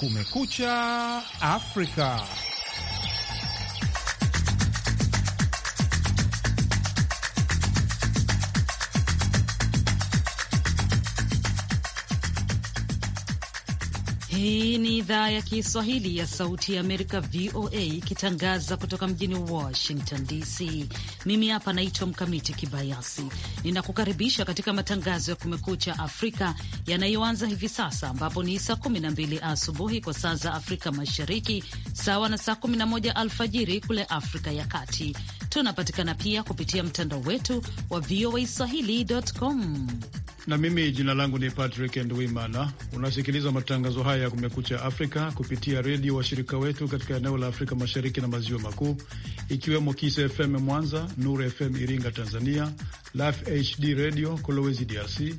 Kumekucha Afrika. Hii ni idhaa ya Kiswahili ya Sauti ya Amerika, VOA, ikitangaza kutoka mjini Washington DC. Mimi hapa naitwa Mkamiti Kibayasi, ninakukaribisha katika matangazo ya Kumekucha Afrika yanayoanza hivi sasa, ambapo ni saa 12 asubuhi kwa saa za Afrika Mashariki, sawa na saa 11 alfajiri kule Afrika ya Kati. Tunapatikana pia kupitia mtandao wetu wa voa swahili.com na mimi jina langu ni Patrick Ndwimana. Unasikiliza matangazo haya ya Kumekucha Afrika kupitia redio washirika wetu katika eneo la Afrika Mashariki na Maziwa Makuu, ikiwemo Kise FM Mwanza, nur FM Iringa Tanzania, Life HD Radio Kolowezi DRC,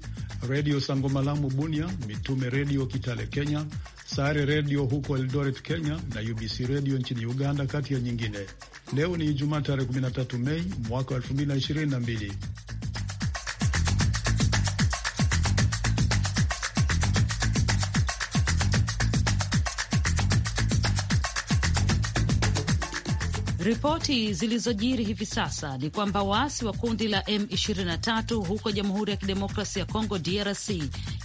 Redio Sangomalamu Bunia, Mitume Redio Kitale Kenya, Sare Redio huko Eldoret Kenya na UBC Redio nchini Uganda, kati ya nyingine. Leo ni Ijumaa tarehe 13 Mei mwaka 2022. Ripoti zilizojiri hivi sasa ni kwamba waasi wa kundi la M23 huko Jamhuri ya Kidemokrasi ya Kongo, DRC,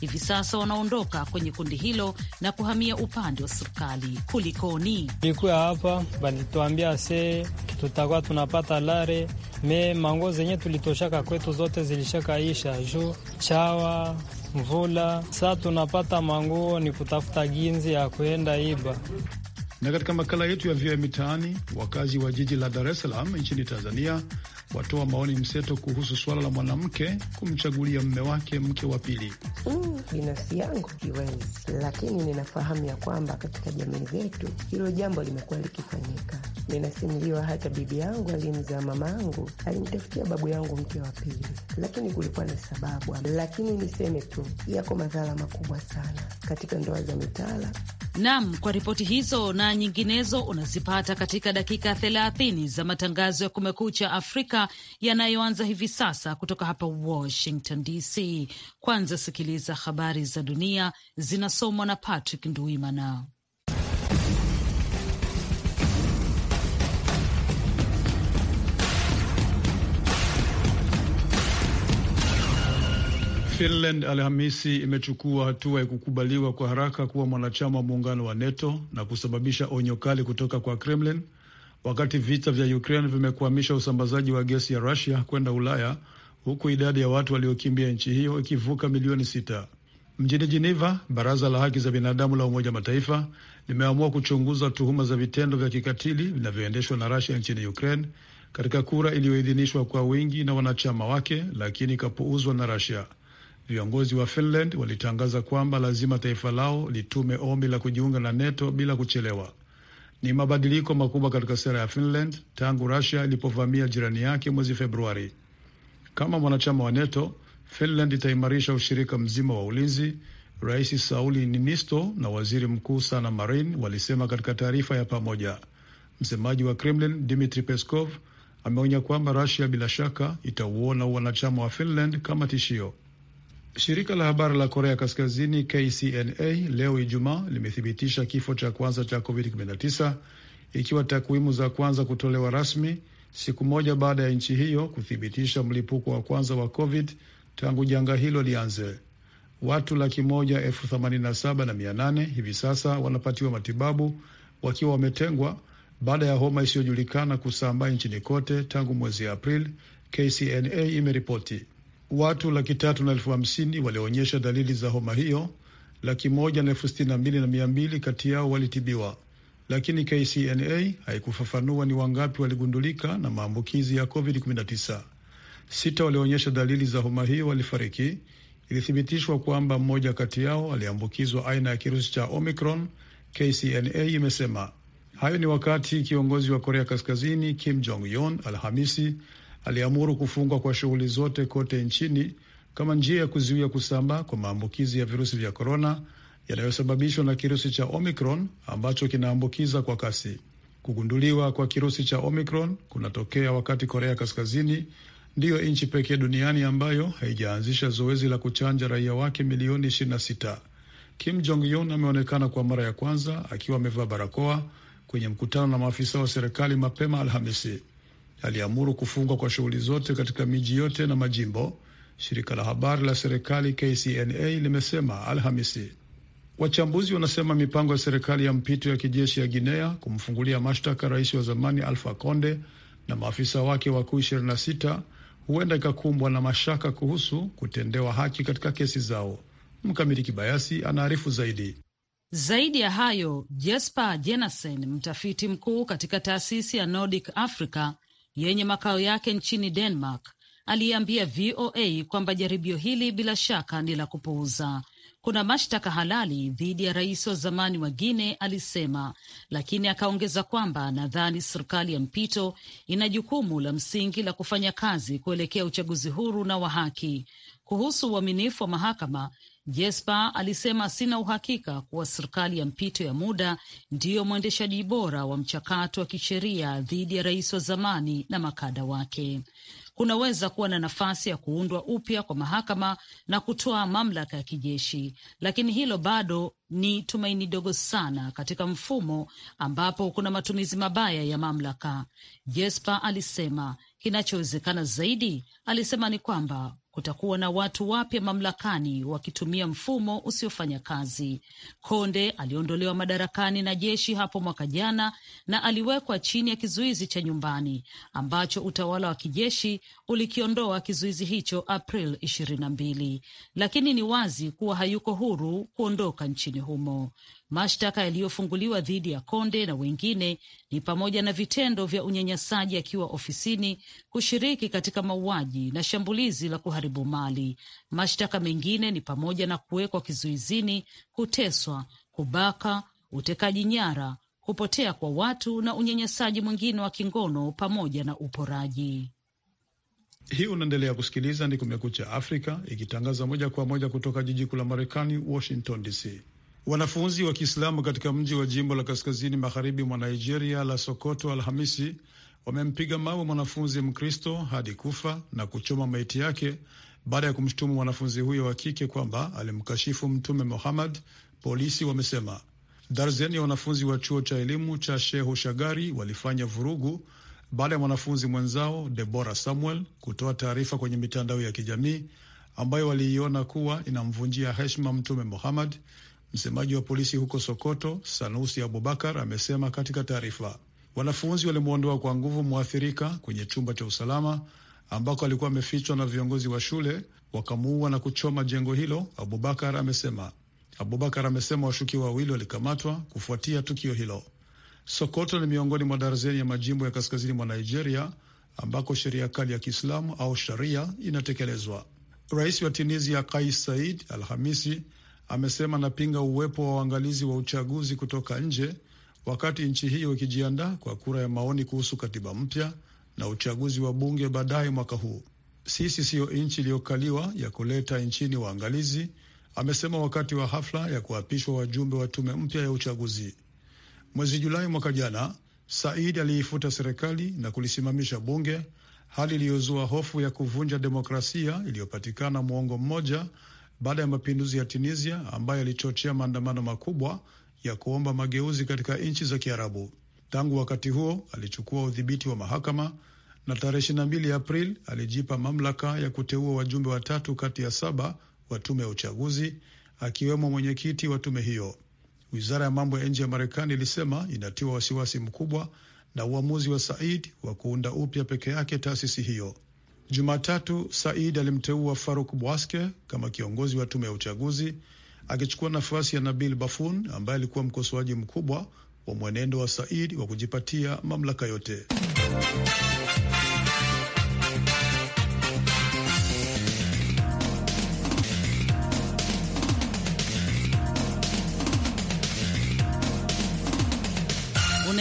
hivi sasa wanaondoka kwenye kundi hilo na kuhamia upande wa serikali. Kulikoni? Ilikuwa hapa walituambia se tutakuwa tunapata lare me mango zenye tulitoshaka kwetu zote zilishakaisha juu chawa mvula, saa tunapata manguo ni kutafuta ginzi ya kuenda iba na katika makala yetu ya VOA Mitaani, wakazi wa jiji la Dar es Salaam nchini Tanzania watoa maoni mseto kuhusu suala la mwanamke kumchagulia mme wake mke wa pili. Binafsi mm, yangu kiwenzi, lakini ninafahamu ya kwamba katika jamii zetu hilo jambo limekuwa likifanyika. Ninasimuliwa hata bibi yangu alimzaa yangu alimtafutia babu yangu mke wa pili, lakini kulikuwa na sababu. Lakini niseme tu, yako madhara makubwa sana katika ndoa za mitala. Nam, kwa ripoti hizo na nyinginezo unazipata katika dakika 30 za matangazo ya Kumekucha Afrika Amerika yanayoanza hivi sasa kutoka hapa Washington DC. Kwanza sikiliza habari za dunia zinasomwa na Patrick Nduimana. Finland Alhamisi imechukua hatua ya kukubaliwa kwa haraka kuwa mwanachama wa muungano wa NATO na kusababisha onyo kali kutoka kwa Kremlin wakati vita vya Ukraine vimekwamisha usambazaji wa gesi ya Rusia kwenda Ulaya, huku idadi ya watu waliokimbia nchi hiyo ikivuka milioni sita. Mjini Jeneva, baraza la haki za binadamu la Umoja Mataifa limeamua kuchunguza tuhuma za vitendo vya kikatili vinavyoendeshwa na Rusia nchini Ukraine katika kura iliyoidhinishwa kwa wingi na wanachama wake, lakini ikapuuzwa na Rusia. Viongozi wa Finland walitangaza kwamba lazima taifa lao litume ombi la kujiunga na NATO bila kuchelewa. Ni mabadiliko makubwa katika sera ya Finland tangu Russia ilipovamia jirani yake mwezi Februari. Kama mwanachama wa NATO, Finland itaimarisha ushirika mzima wa ulinzi, Rais Sauli ninisto na Waziri Mkuu Sanna Marin walisema katika taarifa ya pamoja. Msemaji wa Kremlin Dmitri Peskov ameonya kwamba Russia bila shaka itauona wanachama wa Finland kama tishio. Shirika la habari la Korea Kaskazini KCNA leo Ijumaa limethibitisha kifo cha kwanza cha COVID-19 ikiwa takwimu za kwanza kutolewa rasmi siku moja baada ya nchi hiyo kuthibitisha mlipuko wa kwanza wa COVID tangu janga hilo lianze. Watu laki moja elfu themanini na saba na mia nane hivi sasa wanapatiwa matibabu wakiwa wametengwa baada ya homa isiyojulikana kusambaa nchini kote tangu mwezi Aprili, KCNA imeripoti. Watu laki tatu na elfu hamsini walionyesha dalili za homa hiyo, laki moja na elfu sitini na mbili na mia mbili kati yao walitibiwa, lakini KCNA haikufafanua ni wangapi waligundulika na maambukizi ya COVID-19. Sita walionyesha dalili za homa hiyo walifariki. Ilithibitishwa kwamba mmoja kati yao aliambukizwa aina ya kirusi cha Omicron, KCNA imesema. Hayo ni wakati kiongozi wa Korea Kaskazini Kim Jong Un Alhamisi aliamuru kufungwa kwa shughuli zote kote nchini kama njia ya kuzuia kusambaa kwa maambukizi ya virusi vya korona yanayosababishwa na kirusi cha Omicron ambacho kinaambukiza kwa kasi. Kugunduliwa kwa kirusi cha Omicron kunatokea wakati Korea Kaskazini ndiyo nchi pekee duniani ambayo haijaanzisha zoezi la kuchanja raia wake milioni 26. Kim Jong Un ameonekana kwa mara ya kwanza akiwa amevaa barakoa kwenye mkutano na maafisa wa serikali mapema Alhamisi aliamuru kufungwa kwa shughuli zote katika miji yote na majimbo. Shirika la habari la serikali KCNA limesema Alhamisi. Wachambuzi wanasema mipango ya serikali ya mpito ya kijeshi ya Guinea kumfungulia mashtaka rais wa zamani Alpha Conde na maafisa wake wakuu 26 huenda ikakumbwa na mashaka kuhusu kutendewa haki katika kesi zao. Mkamiti Kibayasi anaarifu zaidi. Zaidi ya hayo, Jesper Jenasen, mtafiti mkuu katika taasisi ya Nordic Africa, yenye makao yake nchini Denmark aliyeambia VOA kwamba jaribio hili bila shaka ni la kupuuza. Kuna mashtaka halali dhidi ya rais wa zamani wa Guine, alisema, lakini akaongeza kwamba nadhani serikali ya mpito ina jukumu la msingi la kufanya kazi kuelekea uchaguzi huru na wa haki. Kuhusu uaminifu wa mahakama, Jesper alisema sina uhakika kuwa serikali ya mpito ya muda ndiyo mwendeshaji bora wa mchakato wa kisheria dhidi ya rais wa zamani na makada wake. Kunaweza kuwa na nafasi ya kuundwa upya kwa mahakama na kutoa mamlaka ya kijeshi, lakini hilo bado ni tumaini dogo sana katika mfumo ambapo kuna matumizi mabaya ya mamlaka, Jesper alisema. Kinachowezekana zaidi, alisema, ni kwamba kutakuwa na watu wapya mamlakani wakitumia mfumo usiofanya kazi. Konde aliondolewa madarakani na jeshi hapo mwaka jana na aliwekwa chini ya kizuizi cha nyumbani ambacho utawala wa kijeshi ulikiondoa kizuizi hicho April 22, mbili, lakini ni wazi kuwa hayuko huru kuondoka nchini humo. Mashtaka yaliyofunguliwa dhidi ya Konde na wengine ni pamoja na vitendo vya unyanyasaji akiwa ofisini, kushiriki katika mauaji na shambulizi la kuharibu mali. Mashtaka mengine ni pamoja na kuwekwa kizuizini, kuteswa, kubaka, utekaji nyara, kupotea kwa watu na unyanyasaji mwingine wa kingono pamoja na uporaji. Hii unaendelea kusikiliza ni Kumekucha Afrika ikitangaza moja kwa moja kutoka jiji kuu la Marekani, Washington DC. Wanafunzi wa Kiislamu katika mji wa jimbo la kaskazini magharibi mwa Nigeria la Sokoto Alhamisi wamempiga mawe mwanafunzi Mkristo hadi kufa na kuchoma maiti yake baada ya kumshutumu mwanafunzi huyo wa kike kwamba alimkashifu Mtume Muhammad, polisi wamesema. Darzeni ya wanafunzi wa chuo cha elimu cha Shehu Shagari walifanya vurugu baada ya mwanafunzi mwenzao Debora Samuel kutoa taarifa kwenye mitandao ya kijamii ambayo waliiona kuwa inamvunjia heshima Mtume Muhammad Msemaji wa polisi huko Sokoto, Sanusi Abubakar, amesema katika taarifa, wanafunzi walimwondoa kwa nguvu mwathirika kwenye chumba cha usalama ambako alikuwa amefichwa na viongozi wa shule, wakamuua na kuchoma jengo hilo, Abubakar amesema. Abubakar amesema washukiwa wawili walikamatwa kufuatia tukio hilo. Sokoto ni miongoni mwa darzeni ya majimbo ya kaskazini mwa Nigeria ambako sheria kali ya Kiislamu au sharia inatekelezwa. Rais wa Tunisia Kais Said Alhamisi amesema anapinga uwepo wa waangalizi wa uchaguzi kutoka nje wakati nchi hiyo ikijiandaa kwa kura ya maoni kuhusu katiba mpya na uchaguzi wa bunge baadaye mwaka huu. Sisi siyo nchi iliyokaliwa ya kuleta nchini waangalizi, amesema wakati wa hafla ya kuapishwa wajumbe wa tume mpya ya uchaguzi. Mwezi Julai mwaka jana, Said aliifuta serikali na kulisimamisha bunge, hali iliyozua hofu ya kuvunja demokrasia iliyopatikana mwongo mmoja baada ya mapinduzi ya Tunisia ambayo yalichochea maandamano makubwa ya kuomba mageuzi katika nchi za Kiarabu. Tangu wakati huo alichukua udhibiti wa mahakama na tarehe 22 Aprili alijipa mamlaka ya kuteua wajumbe watatu kati ya saba wa tume ya uchaguzi akiwemo mwenyekiti wa tume hiyo. Wizara ya mambo ya nje ya Marekani ilisema inatiwa wasiwasi mkubwa na uamuzi wa Said wa kuunda upya peke yake taasisi hiyo. Jumatatu Said alimteua Faruk Bwaske kama kiongozi wa tume ya uchaguzi akichukua nafasi ya Nabil Bafun ambaye alikuwa mkosoaji mkubwa wa mwenendo wa Said wa kujipatia mamlaka yote.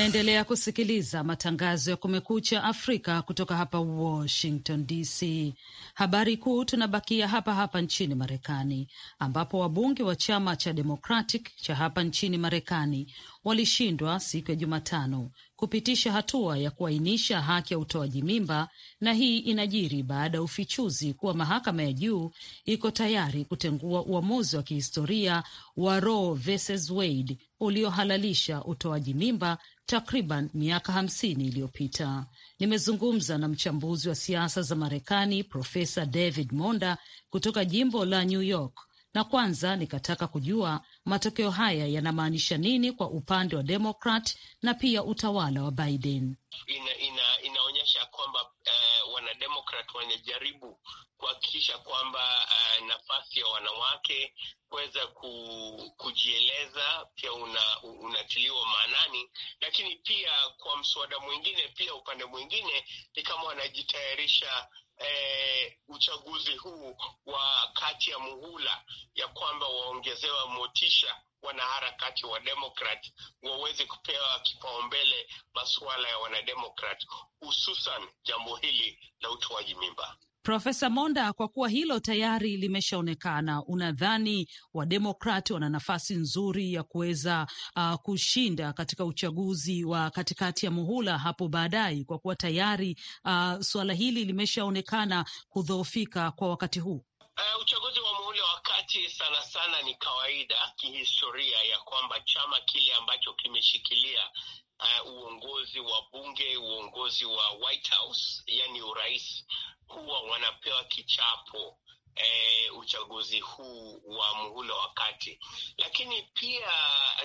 Unaendelea kusikiliza matangazo ya Kumekucha Afrika kutoka hapa Washington DC. Habari kuu, tunabakia hapa hapa nchini Marekani, ambapo wabunge wa chama cha Democratic cha hapa nchini Marekani walishindwa siku ya Jumatano kupitisha hatua ya kuainisha haki ya utoaji mimba, na hii inajiri baada ya ufichuzi kuwa mahakama ya juu iko tayari kutengua uamuzi wa kihistoria wa Roe versus Wade uliohalalisha utoaji mimba takriban miaka hamsini iliyopita. Nimezungumza na mchambuzi wa siasa za Marekani Profesa David Monda kutoka jimbo la New York, na kwanza nikataka kujua matokeo haya yanamaanisha nini kwa upande wa Demokrat na pia utawala wa Biden. Ina, ina, inaonyesha kwamba uh, wanademokrat wanajaribu kuhakikisha kwamba uh, nafasi ya wanawake kuweza ku, kujieleza pia una, unatiliwa maanani, lakini pia kwa mswada mwingine, pia upande mwingine ni kama wanajitayarisha E, uchaguzi huu wa kati ya muhula ya kwamba waongezewa motisha wanaharakati wa Demokrat waweze kupewa kipaumbele masuala ya Wanademokrat, hususan jambo hili la utoaji mimba. Profesa Monda, kwa kuwa hilo tayari limeshaonekana, unadhani Wademokrati wana nafasi nzuri ya kuweza uh, kushinda katika uchaguzi wa katikati ya muhula hapo baadaye, kwa kuwa tayari uh, suala hili limeshaonekana kudhoofika kwa wakati huu? Uh, uchaguzi wa muhula wa kati sana sana ni kawaida kihistoria ya kwamba chama kile ambacho kimeshikilia uh, uongozi wa bunge, uongozi wa White House, yani urais huwa wanapewa kichapo E, uchaguzi huu wa muhula wa kati, lakini pia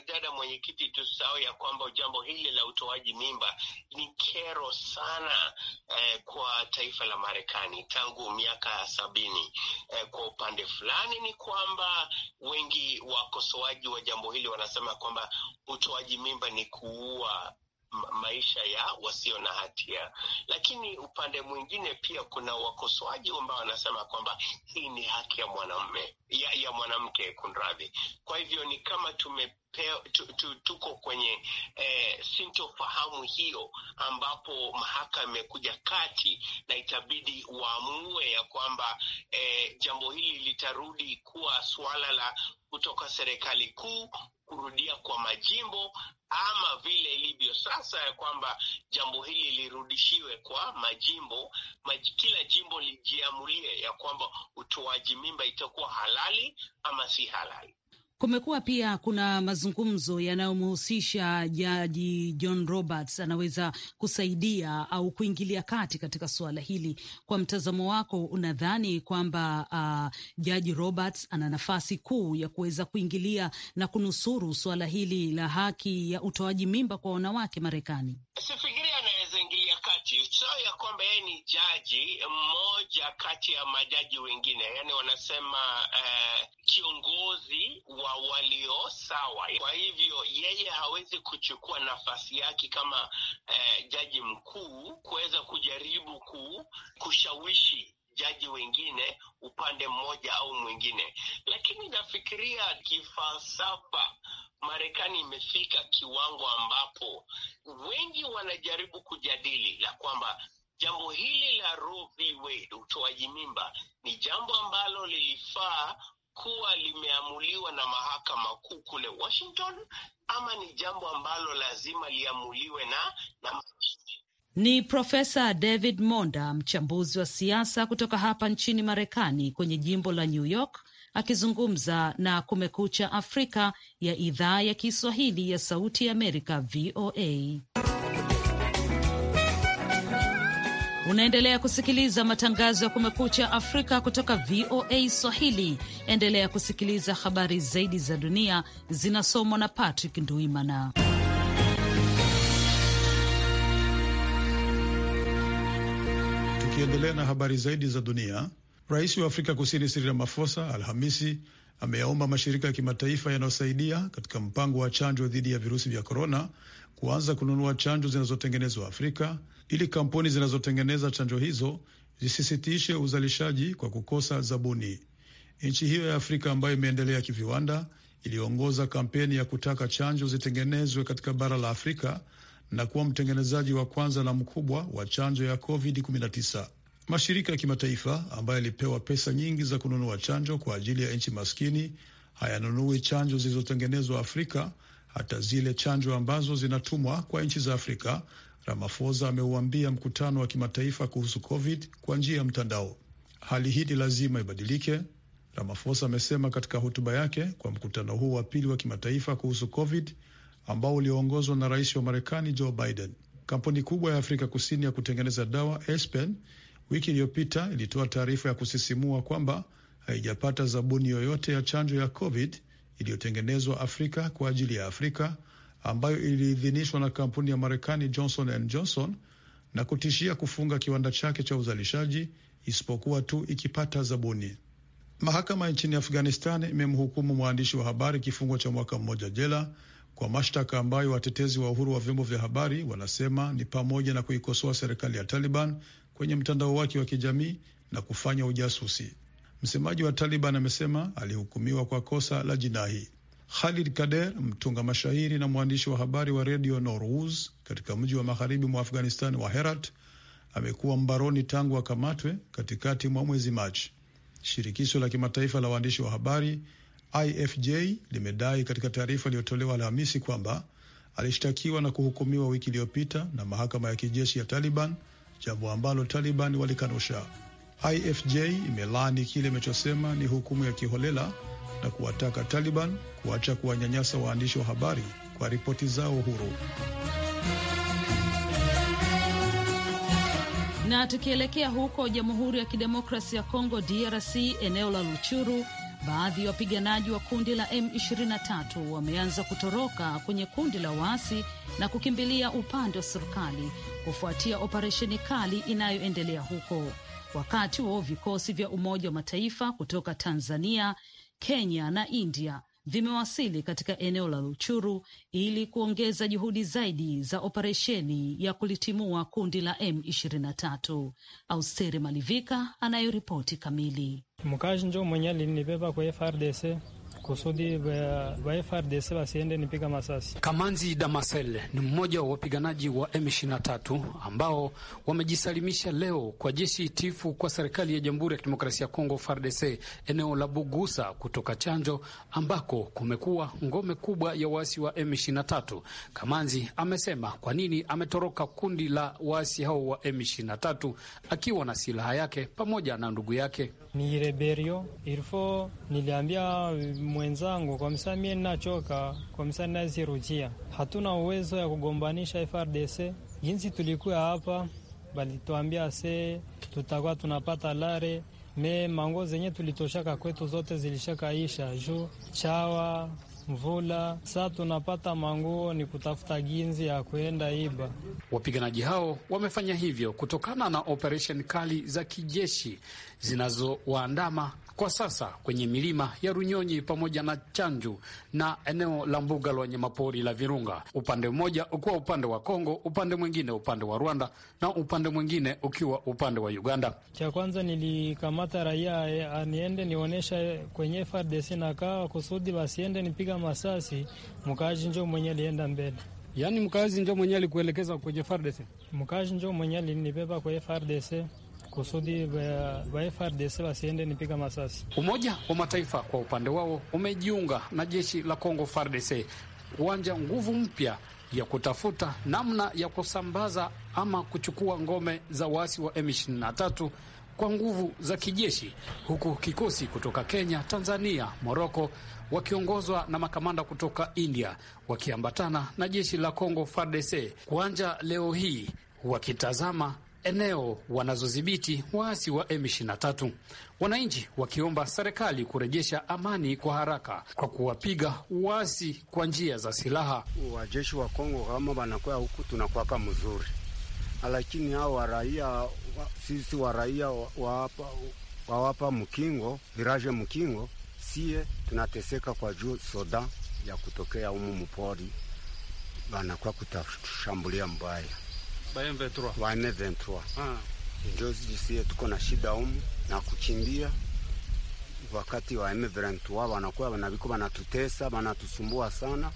dada mwenyekiti, tusahau ya kwamba jambo hili la utoaji mimba ni kero sana e, kwa taifa la Marekani tangu miaka ya sabini. E, kwa upande fulani ni kwamba wengi wakosoaji wa jambo hili wanasema kwamba utoaji mimba ni kuua maisha ya wasio na hatia. Lakini upande mwingine pia kuna wakosoaji ambao wanasema kwamba hii ni haki ya mwanamume ya, ya mwanamke kunradhi. Kwa hivyo ni kama tume Peo, tu, tu, tuko kwenye eh, sintofahamu hiyo ambapo mahakama imekuja kati na itabidi waamue ya kwamba eh, jambo hili litarudi kuwa suala la kutoka serikali kuu kurudia kwa majimbo ama vile ilivyo sasa, ya kwamba jambo hili lirudishiwe kwa majimbo maj, kila jimbo lijiamulie ya kwamba utoaji mimba itakuwa halali ama si halali. Kumekuwa pia kuna mazungumzo yanayomhusisha jaji John Roberts anaweza kusaidia au kuingilia kati katika suala hili. Kwa mtazamo wako, unadhani kwamba uh, jaji Roberts ana nafasi kuu ya kuweza kuingilia na kunusuru suala hili la haki ya utoaji mimba kwa wanawake Marekani? Chief ya kwamba yeye ni jaji mmoja kati ya majaji wengine, yani wanasema eh, kiongozi wa walio sawa. Kwa hivyo yeye hawezi kuchukua nafasi yake kama eh, jaji mkuu kuweza kujaribu ku, kushawishi majaji wengine upande mmoja au mwingine, lakini nafikiria kifalsafa Marekani imefika kiwango ambapo wengi wanajaribu kujadili la kwamba jambo hili la Roe v. Wade, utoaji mimba, ni jambo ambalo lilifaa kuwa limeamuliwa na mahakama kuu kule Washington ama ni jambo ambalo lazima liamuliwe na na ni Profesa David Monda, mchambuzi wa siasa kutoka hapa nchini Marekani kwenye jimbo la New York, akizungumza na Kumekucha Afrika ya idhaa ya Kiswahili ya Sauti ya Amerika, VOA. Unaendelea kusikiliza matangazo ya Kumekucha Afrika kutoka VOA Swahili. Endelea kusikiliza habari zaidi za dunia zinasomwa na Patrick Nduimana. Tukiendelea na habari zaidi za dunia, rais wa Afrika Kusini Cyril Ramaphosa Alhamisi ameyaomba mashirika ya kimataifa yanayosaidia katika mpango wa chanjo dhidi ya virusi vya korona kuanza kununua chanjo zinazotengenezwa Afrika ili kampuni zinazotengeneza chanjo hizo zisisitishe uzalishaji kwa kukosa zabuni. Nchi hiyo ya Afrika ambayo imeendelea kiviwanda iliongoza kampeni ya kutaka chanjo zitengenezwe katika bara la Afrika na kuwa mtengenezaji wa kwanza na mkubwa wa chanjo ya COVID-19. Mashirika ya kimataifa ambayo yalipewa pesa nyingi za kununua chanjo kwa ajili ya nchi maskini hayanunui chanjo zilizotengenezwa Afrika, hata zile chanjo ambazo zinatumwa kwa nchi za Afrika, Ramaphosa ameuambia mkutano wa kimataifa kuhusu COVID kwa njia ya mtandao. Hali hii ni lazima ibadilike, Ramafosa amesema katika hotuba yake kwa mkutano huu wa pili wa kimataifa kuhusu COVID ambao ulioongozwa na rais wa Marekani Joe Biden. Kampuni kubwa ya Afrika Kusini ya kutengeneza dawa Aspen wiki iliyopita ilitoa taarifa ya kusisimua kwamba haijapata zabuni yoyote ya chanjo ya COVID iliyotengenezwa Afrika kwa ajili ya Afrika ambayo iliidhinishwa na kampuni ya Marekani Johnson and Johnson na kutishia kufunga kiwanda chake cha uzalishaji isipokuwa tu ikipata zabuni. Mahakama nchini Afghanistan imemhukumu mwandishi wa habari kifungo cha mwaka mmoja jela kwa mashtaka ambayo watetezi wa uhuru wa vyombo vya habari wanasema ni pamoja na kuikosoa serikali ya Taliban kwenye mtandao wake wa kijamii na kufanya ujasusi. Msemaji wa Taliban amesema alihukumiwa kwa kosa la jinai. Khalid Kader, mtunga mashahiri na mwandishi wa habari wa redio Norwuz katika mji wa magharibi mwa Afghanistani wa Herat, amekuwa mbaroni tangu akamatwe katikati mwa mwezi Machi. Shirikisho la kimataifa la waandishi wa habari IFJ limedai katika taarifa iliyotolewa Alhamisi kwamba alishtakiwa na kuhukumiwa wiki iliyopita na mahakama ya kijeshi ya Taliban, jambo ambalo Taliban walikanusha. IFJ imelaani kile imechosema ni hukumu ya kiholela na kuwataka Taliban kuacha kuwanyanyasa waandishi wa habari kwa ripoti zao huru. Na tukielekea huko Jamhuri ya Kidemokrasi ya Kongo, DRC, eneo la Luchuru baadhi ya wapiganaji wa kundi la M23 wameanza kutoroka kwenye kundi la waasi na kukimbilia upande wa serikali kufuatia operesheni kali inayoendelea huko. Wakati huo vikosi vya Umoja wa Mataifa kutoka Tanzania, Kenya na India vimewasili katika eneo la Luchuru ili kuongeza juhudi zaidi za operesheni ya kulitimua kundi la M23. Austeri Malivika anayoripoti kamili. Mkazi njo mwenye alinibeba kwa FRDC kusudi waFRDC wasiende nipiga masasi. Kamanzi Damasel ni mmoja wa wapiganaji wa M23 ambao wamejisalimisha leo kwa jeshi tifu kwa serikali ya Jamhuri ya Kidemokrasia ya Kongo, FARDC, eneo la Bugusa kutoka Chanjo ambako kumekuwa ngome kubwa ya waasi wa M23. Kamanzi amesema kwa nini ametoroka kundi la waasi hao wa M23 akiwa na silaha yake pamoja na ndugu yake. Ni reberio ilfo niliambia mwenzangu, kwa msa mie ninachoka, kwa msa nazirujia, Hatuna uwezo ya kugombanisha FRDC jinsi tulikuwa hapa, balituambia se tutakuwa tunapata lare me mango zenye tulitoshaka kwetu zote zilishakaisha juu chawa mvula. sa tunapata manguo ni kutafuta ginzi ya kuenda iba. Wapiganaji hao wamefanya hivyo kutokana na operesheni kali za kijeshi zinazowaandama kwa sasa kwenye milima ya Runyonyi pamoja na Chanju na eneo la mbuga la wanyamapori la Virunga, upande mmoja ukiwa upande wa Kongo, upande mwingine upande wa Rwanda na upande mwingine ukiwa upande wa Uganda. Cha kwanza nilikamata raia eh, aniende nionyesha kwenye FARDC kaa kusudi wasiende nipiga masasi, mkaaji njo mwenye alienda mbele. Yaani mkaaji njo mwenye alikuelekeza kwenye FARDC? Mkaaji njo mwenye alinibeba kwenye FARDC kusudi wa FARDC wasiende nipiga masasi. Umoja wa Mataifa kwa upande wao umejiunga na jeshi la Kongo FARDC kuanja nguvu mpya ya kutafuta namna ya kusambaza ama kuchukua ngome za waasi wa M23 kwa nguvu za kijeshi, huku kikosi kutoka Kenya, Tanzania, Moroko wakiongozwa na makamanda kutoka India wakiambatana na jeshi la congo FARDC kuanja leo hii wakitazama eneo wanazodhibiti waasi wa M23, wananchi wakiomba serikali kurejesha amani kwa haraka kwa kuwapiga waasi kwa njia za silaha. Wajeshi wa Kongo kama wanakuwa huku tunakwaka mzuri, lakini hao waraia sisi wa raia wawapa wa wa mkingo viraje mkingo, sie tunateseka kwa juu soda ya kutokea umu mpori wanakuwa kutashambulia mbaya wa ah. sie tuko na shida umu na kuchimbia wakati wa M23 wanakuwa wanaviko wanatutesa wanatusumbua sana,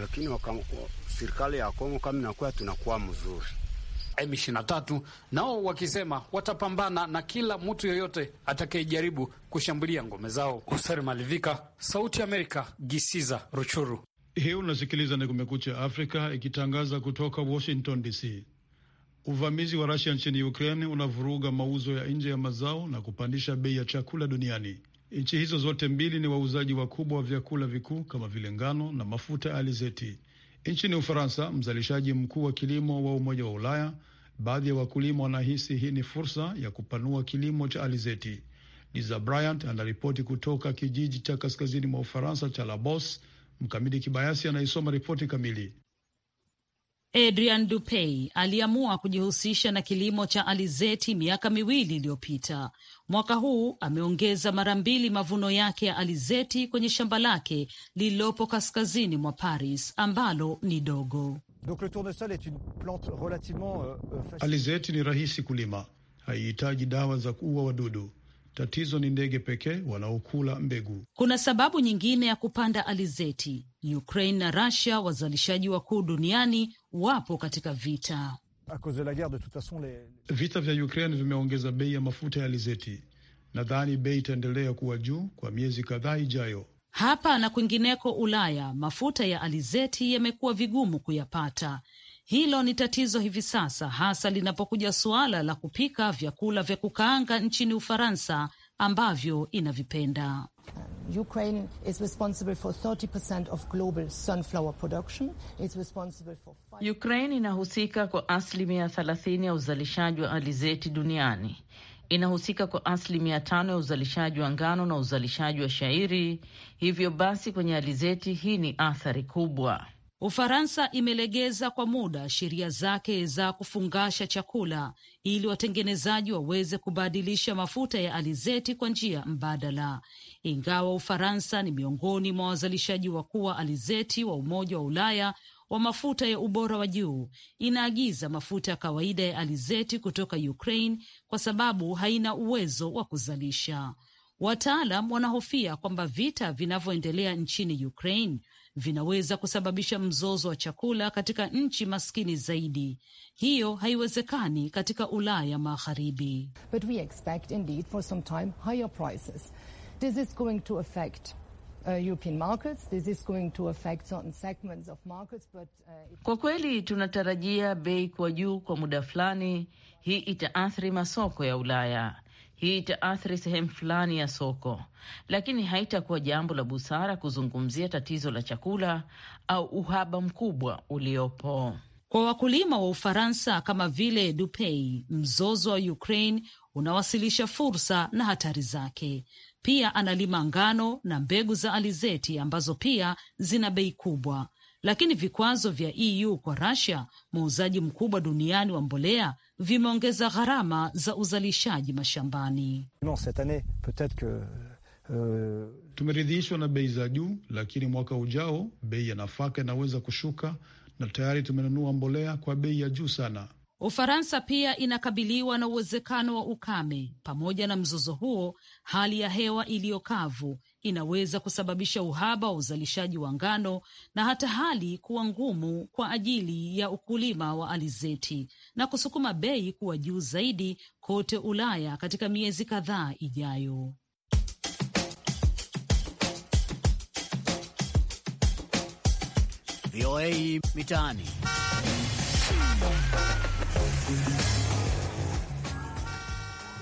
lakini serikali ya Kongo kama inakuwa tunakuwa mzuri M23, nao wakisema watapambana na kila mtu yoyote atakayejaribu kushambulia ngome zao. Hoser Malivika, Sauti Amerika, Gisiza, Ruchuru. Hii unasikiliza ni Kumekucha Afrika ikitangaza kutoka Washington DC. Uvamizi wa Rasia nchini Ukraine unavuruga mauzo ya nje ya mazao na kupandisha bei ya chakula duniani. Nchi hizo zote mbili ni wauzaji wakubwa wa vyakula vikuu kama vile ngano na mafuta ya alizeti. Nchini Ufaransa, mzalishaji mkuu wa kilimo wa Umoja wa Ulaya, baadhi ya wakulima wanahisi hii ni fursa ya kupanua kilimo cha alizeti. lisa Bryant anaripoti kutoka kijiji cha kaskazini mwa Ufaransa cha Labos. Mkamidi Kibayasi anaisoma ripoti kamili. Adrian Dupey aliamua kujihusisha na kilimo cha alizeti miaka miwili iliyopita. Mwaka huu ameongeza mara mbili mavuno yake ya alizeti kwenye shamba lake lililopo kaskazini mwa Paris ambalo ni dogo. Donc le tournesol est une plante relativement, uh, alizeti ni rahisi kulima, haihitaji dawa za kuua wadudu. Tatizo ni ndege pekee wanaokula mbegu. Kuna sababu nyingine ya kupanda alizeti. Ukraine na Russia, wazalishaji wakuu duniani, wapo katika vita. Vita vya Ukraine vimeongeza bei ya mafuta ya alizeti. Nadhani bei itaendelea kuwa juu kwa miezi kadhaa ijayo. Hapa na kwingineko Ulaya, mafuta ya alizeti yamekuwa vigumu kuyapata. Hilo ni tatizo hivi sasa, hasa linapokuja suala la kupika vyakula vya kukaanga nchini Ufaransa ambavyo inavipenda. Ukraine is responsible for 30% of global sunflower production. It's responsible for... Ukraine inahusika kwa asilimia thelathini ya uzalishaji wa alizeti duniani, inahusika kwa asilimia tano ya uzalishaji wa ngano na uzalishaji wa shairi. Hivyo basi kwenye alizeti hii ni athari kubwa. Ufaransa imelegeza kwa muda sheria zake za kufungasha chakula ili watengenezaji waweze kubadilisha mafuta ya alizeti kwa njia mbadala. Ingawa Ufaransa ni miongoni mwa wazalishaji wakuu wa alizeti wa Umoja wa Ulaya wa mafuta ya ubora wa juu, inaagiza mafuta ya kawaida ya alizeti kutoka Ukraine kwa sababu haina uwezo wa kuzalisha. Wataalam wanahofia kwamba vita vinavyoendelea nchini Ukraine vinaweza kusababisha mzozo wa chakula katika nchi maskini zaidi. Hiyo haiwezekani katika Ulaya Magharibi. But we expect indeed for some time higher prices. This is going to affect uh, uh, kwa kweli tunatarajia bei kuwa juu kwa muda fulani. Hii itaathiri masoko ya Ulaya, hii itaathiri sehemu fulani ya soko, lakini haitakuwa jambo la busara kuzungumzia tatizo la chakula au uhaba mkubwa uliopo kwa wakulima wa Ufaransa kama vile Dupey. Mzozo wa Ukraine unawasilisha fursa na hatari zake. Pia analima ngano na mbegu za alizeti ambazo pia zina bei kubwa lakini vikwazo vya EU kwa Russia, muuzaji mkubwa duniani wa mbolea, vimeongeza gharama za uzalishaji mashambani. Euh, tumeridhishwa na bei za juu, lakini mwaka ujao bei ya nafaka inaweza kushuka, na tayari tumenunua mbolea kwa bei ya juu sana. Ufaransa pia inakabiliwa na uwezekano wa ukame. Pamoja na mzozo huo, hali ya hewa iliyo kavu inaweza kusababisha uhaba wa uzalishaji wa ngano na hata hali kuwa ngumu kwa ajili ya ukulima wa alizeti na kusukuma bei kuwa juu zaidi kote Ulaya katika miezi kadhaa ijayo. VOA Mitaani.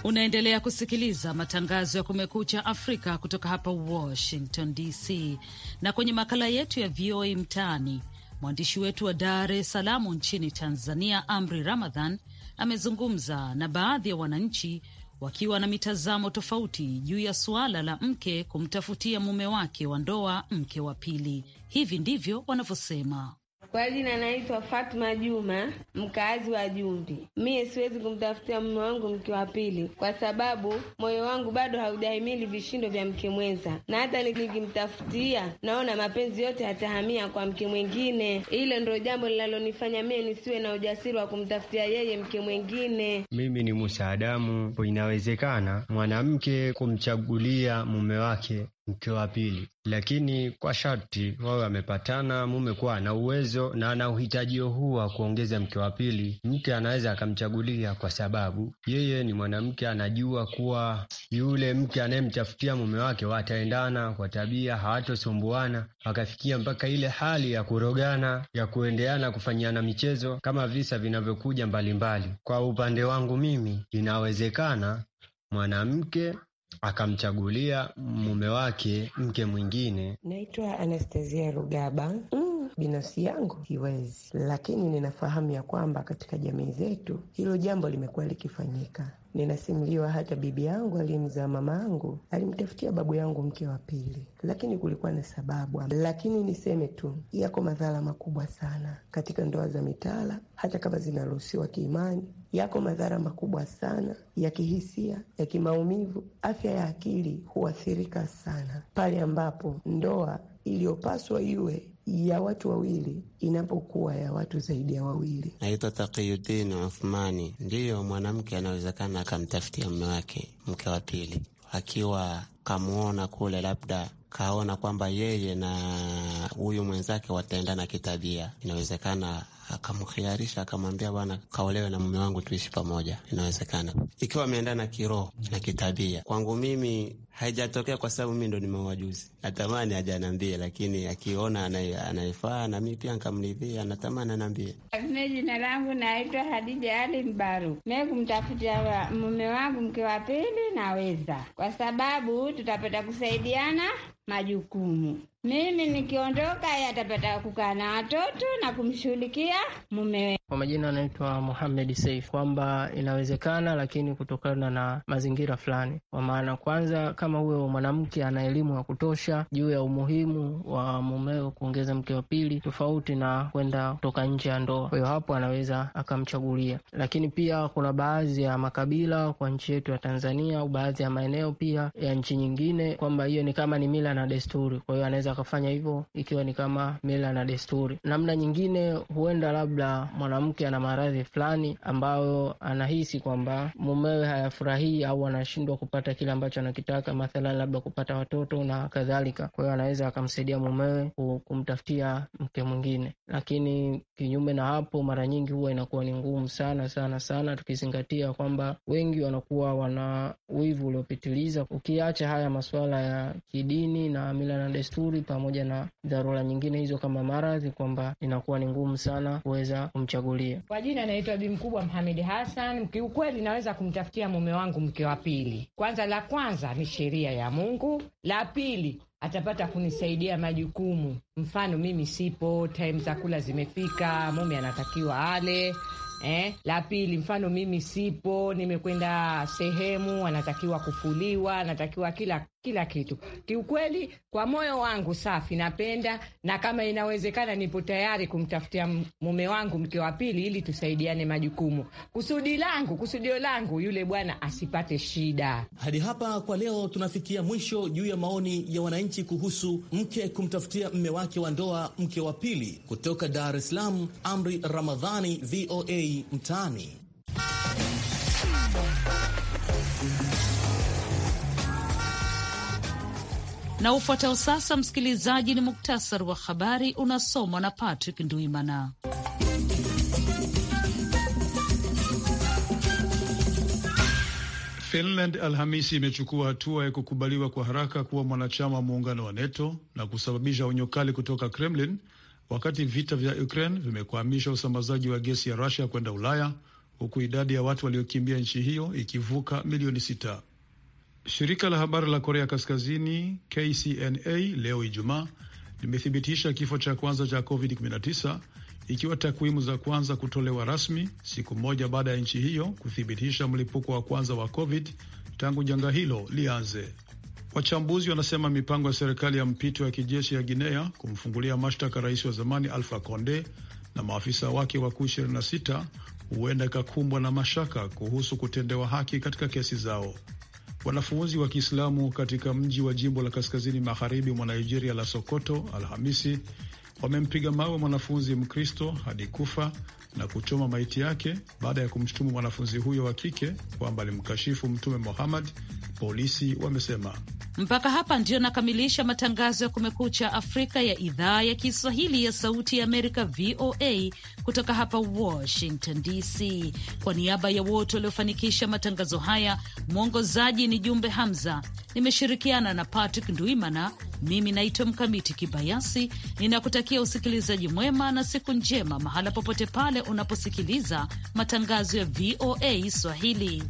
Unaendelea kusikiliza matangazo ya Kumekucha Afrika kutoka hapa Washington DC, na kwenye makala yetu ya VOA Mtaani, mwandishi wetu wa Dar es Salaam nchini Tanzania, Amri Ramadhan, amezungumza na baadhi ya wananchi wakiwa na mitazamo tofauti juu ya suala la mke kumtafutia mume wake wa ndoa mke wa pili. Hivi ndivyo wanavyosema. Kwa jina naitwa Fatma Juma, mkaazi wa Jumbi. Mie siwezi kumtafutia mume wangu mke wa pili, kwa sababu moyo wangu bado haujahimili vishindo vya mke mwenza, na hata nikimtafutia, naona mapenzi yote yatahamia kwa mke mwingine. Ile ndio jambo linalonifanya mie nisiwe na ujasiri wa kumtafutia yeye mke mwingine. Mimi ni Musa Adamu. Inawezekana mwanamke kumchagulia mume wake mke wa pili, lakini kwa sharti wawe wamepatana. Mume kuwa ana uwezo na ana uhitajio huu wa kuongeza mke wa pili, mke anaweza akamchagulia, kwa sababu yeye ni mwanamke, anajua kuwa yule mke anayemtafutia mume wake wataendana kwa tabia, hawatosumbuana wakafikia mpaka ile hali ya kurogana, ya kuendeana, kufanyiana michezo kama visa vinavyokuja mbalimbali. Kwa upande wangu mimi, inawezekana mwanamke akamchagulia mume wake mke mwingine. Naitwa Anastasia Rugaba. mm mimi binafsi yangu siwezi, lakini ninafahamu ya kwamba katika jamii zetu hilo jambo limekuwa likifanyika. Ninasimuliwa hata bibi yangu aliyemzaa mama yangu alimtafutia babu yangu mke wa pili, lakini kulikuwa na sababu. Lakini niseme tu, yako madhara makubwa sana katika ndoa za mitala, hata kama zinaruhusiwa kiimani, yako madhara makubwa sana ya kihisia, ya kimaumivu. Afya ya akili huathirika sana pale ambapo ndoa iliyopaswa iwe ya watu wawili inapokuwa ya watu zaidi ya wawili. Naitwa Taqiyuddin Uthmani. Ndiyo, mwanamke anawezekana akamtafutia mume wake mke wa pili, akiwa kamwona kule, labda kaona kwamba yeye na huyu mwenzake wataendana kitabia, inawezekana akamkhiarisha akamwambia, bwana, kaolewe na mume wangu tuishi pamoja, inawezekana ikiwa ameendana kiroho na kitabia. Kwangu mimi haijatokea kwa sababu mi ndo ni juzi. Natamani ajaniambie, lakini akiona anayefaa na mi pia nkamridhia, natamani anambie. Mimi jina langu naitwa Hadija Ali Mbaru. Mimi kumtafutia mume wangu mke wa pili naweza, kwa sababu tutapata kusaidiana majukumu mimi nikiondoka yeye atapata kukaa na watoto na kumshughulikia mumewe. Kwa majina anaitwa Mohamed Saif, kwamba inawezekana, lakini kutokana na mazingira fulani. Kwa maana kwanza, kama huyo mwanamke ana elimu ya kutosha juu ya umuhimu wa mumewe kuongeza mke wa pili, tofauti na kwenda kutoka nje ya ndoa, kwa hiyo hapo anaweza akamchagulia. Lakini pia kuna baadhi ya makabila kwa nchi yetu ya Tanzania au baadhi ya maeneo pia ya nchi nyingine, kwamba hiyo ni kama ni mila na desturi, kwa hiyo anaweza akafanya hivyo ikiwa ni kama mila na desturi. Namna nyingine, huenda labda mwanamke ana maradhi fulani ambayo anahisi kwamba mumewe hayafurahii au anashindwa kupata kile ambacho anakitaka, mathalan labda kupata watoto na kadhalika. Kwa hiyo anaweza akamsaidia mumewe kumtafutia mke mwingine, lakini kinyume na hapo, mara nyingi huwa inakuwa ni ngumu sana sana sana, tukizingatia kwamba wengi wanakuwa wana wivu uliopitiliza. Ukiacha haya masuala ya kidini na mila na desturi pamoja na dharura nyingine hizo kama maradhi, kwamba inakuwa ni ngumu sana kuweza kumchagulia. Kwa jina anaitwa Bi Mkubwa mhamed Hassan. Kiukweli naweza kumtafutia mume wangu mke wa pili. Kwanza, la kwanza ni sheria ya Mungu, la pili atapata kunisaidia majukumu, mfano mimi sipo, time za kula zimefika, mume anatakiwa ale Eh, la pili, mfano mimi sipo, nimekwenda sehemu, anatakiwa kufuliwa, anatakiwa kila kila kitu. Kiukweli, kwa moyo wangu safi, napenda na kama inawezekana, nipo tayari kumtafutia mume wangu mke wa pili, ili tusaidiane majukumu. Kusudi langu kusudio langu yule bwana asipate shida. Hadi hapa kwa leo tunafikia mwisho juu ya maoni ya wananchi kuhusu mke kumtafutia mme wake wa ndoa mke wa pili. Kutoka Dar es Salaam, Amri Ramadhani, VOA Mtaani. Na ufuatao sasa, msikilizaji, ni muktasari wa habari unasomwa na Patrick Nduimana. Finland Alhamisi imechukua hatua ya kukubaliwa kwa haraka kuwa mwanachama wa muungano wa NATO na kusababisha onyo kali kutoka Kremlin, wakati vita vya Ukraine vimekwamisha usambazaji wa gesi ya rusia kwenda Ulaya, huku idadi ya watu waliokimbia nchi hiyo ikivuka milioni sita. Shirika la habari la Korea Kaskazini KCNA leo Ijumaa limethibitisha kifo cha kwanza cha COVID-19 ikiwa takwimu za kwanza kutolewa rasmi siku moja baada ya nchi hiyo kuthibitisha mlipuko wa kwanza wa COVID tangu janga hilo lianze. Wachambuzi wanasema mipango ya serikali ya mpito ya kijeshi ya Guinea kumfungulia mashtaka rais wa zamani Alpha Conde na maafisa wake wakuu 26 huenda ikakumbwa na mashaka kuhusu kutendewa haki katika kesi zao. Wanafunzi wa Kiislamu katika mji wa jimbo la kaskazini magharibi mwa Nigeria la Sokoto Alhamisi wamempiga mawe mwanafunzi Mkristo hadi kufa na kuchoma maiti yake baada ya kumshutumu mwanafunzi huyo wa kike kwamba alimkashifu Mtume Muhammad polisi wamesema. Mpaka hapa ndio nakamilisha matangazo ya Kumekucha Afrika ya idhaa ya Kiswahili ya Sauti ya Amerika, VOA, kutoka hapa Washington DC. Kwa niaba ya wote waliofanikisha matangazo haya, mwongozaji ni Jumbe Hamza, nimeshirikiana na Patrick nduimana Mimi naitwa Mkamiti Kibayasi, ninakutakia usikilizaji mwema na siku njema, mahala popote pale unaposikiliza matangazo ya VOA Swahili.